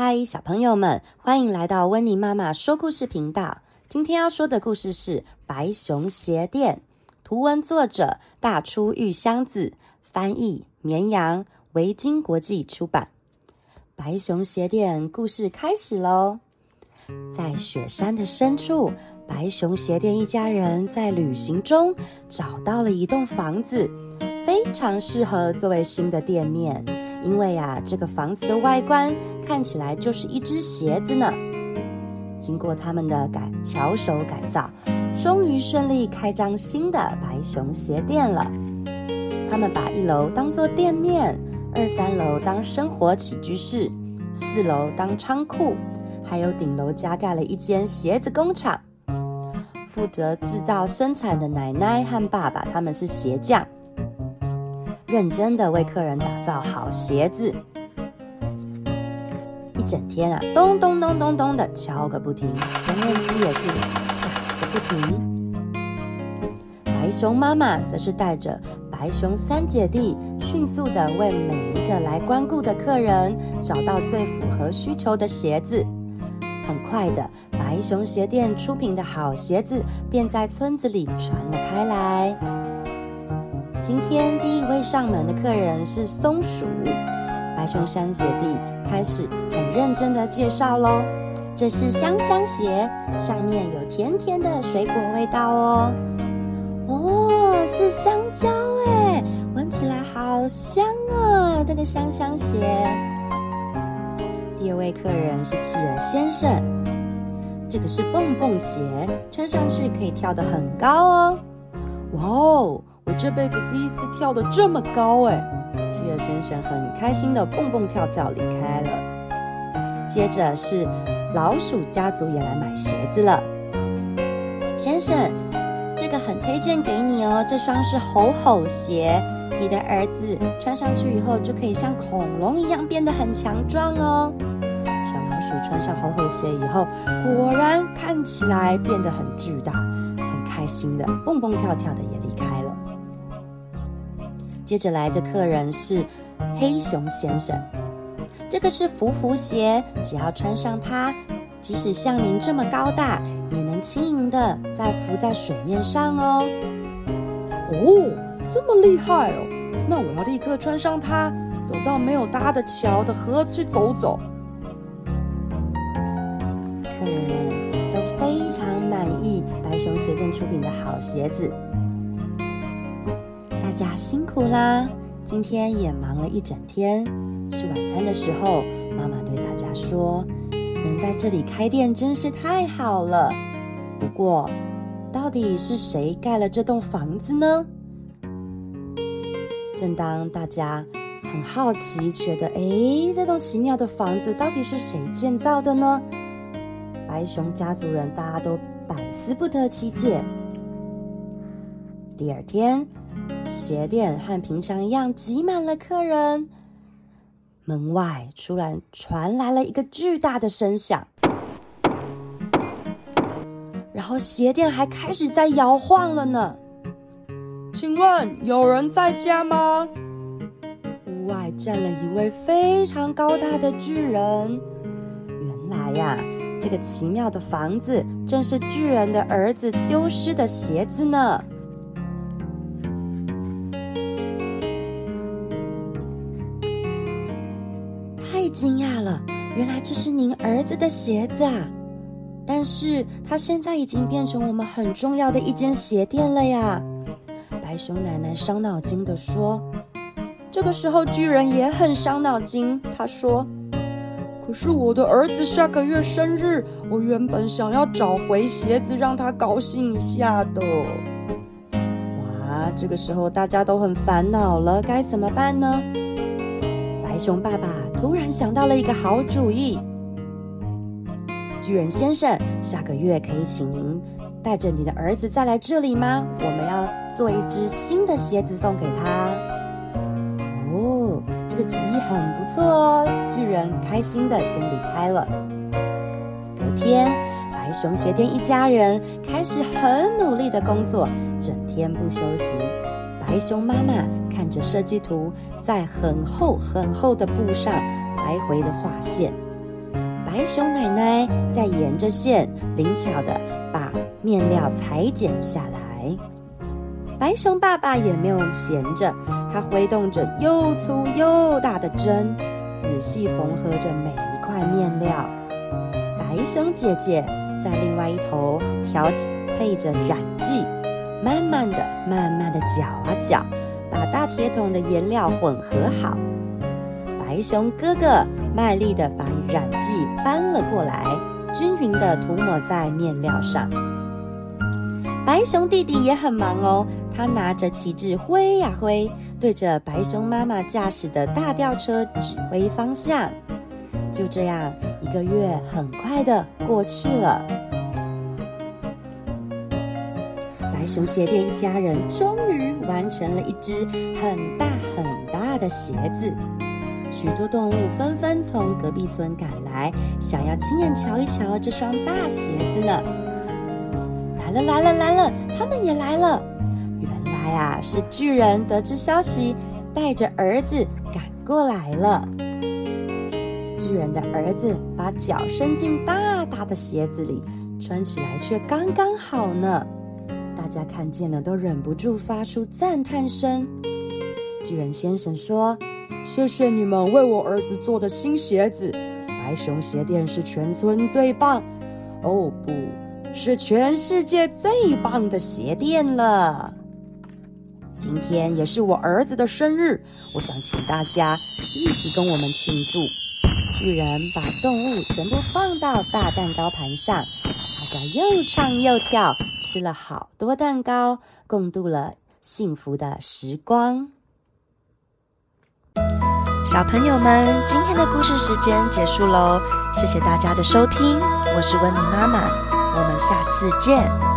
嗨，Hi, 小朋友們，歡迎來到溫妮媽媽說故事頻道。今天要說的故事是《白熊鞋店》，圖文作者大出裕香子，翻譯綿羊，維京國際出版。《白熊鞋店》故事開始嘍！在雪山的深處，白熊鞋店一家人在旅行中找到了一棟房子，非常適合作為新的店面。因為呀、啊，這個房子的外觀看起來就是一只鞋子呢。經過他們的改巧手改造，終於順利開張新的白熊鞋店了。他們把一樓當做店面，二三樓當生活起居室，四樓當倉庫，還有頂樓加蓋了一間鞋子工廠。負責製造生產的奶奶和爸爸，他們是鞋匠。認真的為客人打造好鞋子，一整天啊，咚咚咚咚咚的敲個不停，縫紉機也是響個不停。白熊媽媽則是帶着白熊三姐弟，迅速的為每一個來光顧的客人找到最符合需求的鞋子。很快的，白熊鞋店出品的好鞋子便在村子裡傳了開來。今天第一位上門的客人是松鼠，白熊山姐弟開始很認真的介紹嘍。這是香香鞋，上面有甜甜的水果味道哦。哦，是香蕉哎，聞起來好香啊！這個香香鞋。第二位客人是企鵝先生，這個是蹦蹦鞋，穿上去可以跳得很高哦。哇哦！我這輩子第一次跳得這麼高哎！企鵝先生很開心的蹦蹦跳跳離開了。接着是老鼠家族也來買鞋子了。先生，這個很推薦給你哦，這雙是吼吼鞋，你的兒子穿上去以後就可以像恐龍一樣變得很強壯哦。小老鼠穿上吼吼鞋以後，果然看起來變得很巨大，很開心的蹦蹦跳跳的呀。接着來的客人是黑熊先生，這個是浮浮鞋，只要穿上它，即使像您這麼高大，也能輕盈地在浮在水面上哦。哦，這麼厲害哦！那我要立刻穿上它，走到沒有搭的橋的河去走走。客人、嗯、都非常滿意白熊鞋店出品的好鞋子。大家辛苦啦，今天也忙了一整天。吃晚餐的時候，媽媽對大家說：“能在這裡開店真是太好了。”不過，到底是誰蓋了這棟房子呢？正當大家很好奇，覺得“哎，這棟奇妙的房子到底是誰建造的呢？”白熊家族人大家都百思不得其解。第二天。鞋店和平常一樣擠滿了客人，門外突然傳來了一個巨大的聲響，然後鞋店還開始在搖晃了呢。請問有人在家嗎？屋外站了一位非常高大的巨人。原來呀、啊，這個奇妙的房子正是巨人的兒子丟失的鞋子呢。太驚訝了，原來這是您兒子的鞋子啊！但是它現在已經變成我們很重要的一間鞋店了呀。白熊奶奶傷腦筋地說。這個時候巨人也很傷腦筋，他說：“可是我的兒子下個月生日，我原本想要找回鞋子讓他高興一下的。”哇，這個時候大家都很煩惱了，該怎麼辦呢？白熊爸爸突然想到了一個好主意。巨人先生，下個月可以請您帶着你的兒子再來這裡嗎？我們要做一隻新的鞋子送給他。哦，這個主意很不錯哦。巨人開心地先離開了。隔天，白熊鞋店一家人開始很努力地工作，整天不休息。白熊媽媽看着設計圖，在很厚很厚的布上來回的畫線。白熊奶奶在沿着線靈巧的把面料裁剪下來。白熊爸爸也沒有閒着，他揮動着又粗又大的針，仔細縫合着每一塊面料。白熊姐姐在另外一頭調配着染劑。慢慢的，慢慢的攪啊攪，把大鐵桶的顏料混合好。白熊哥哥賣力的把染劑搬了過來，均勻的塗抹在面料上。白熊弟弟也很忙哦，他拿着旗幟揮呀揮，對着白熊媽媽駕駛的大吊車指揮方向。就這樣，一個月很快的過去了。白熊鞋店一家人終於完成了一隻很大很大的鞋子，許多動物紛紛從隔壁村趕來，想要親眼瞧一瞧這雙大鞋子呢。來了來了來了，他們也來了。原來啊，是巨人得知消息，帶着兒子趕過來了。巨人的兒子把腳伸進大大的鞋子裡，穿起來卻剛剛好呢。大家看見了都忍不住發出讚嘆聲。巨人先生說：“謝謝你們為我兒子做的新鞋子，白熊鞋店是全村最棒，哦，不，不是全世界最棒的鞋店了。”今天也是我兒子的生日，我想請大家一起跟我們慶祝。巨人把動物全部放到大蛋糕盤上。又唱又跳，吃了好多蛋糕，共度了幸福的時光。小朋友們，今天的故事時間結束嘍，謝謝大家的收聽，我是溫妮媽媽，我們下次見。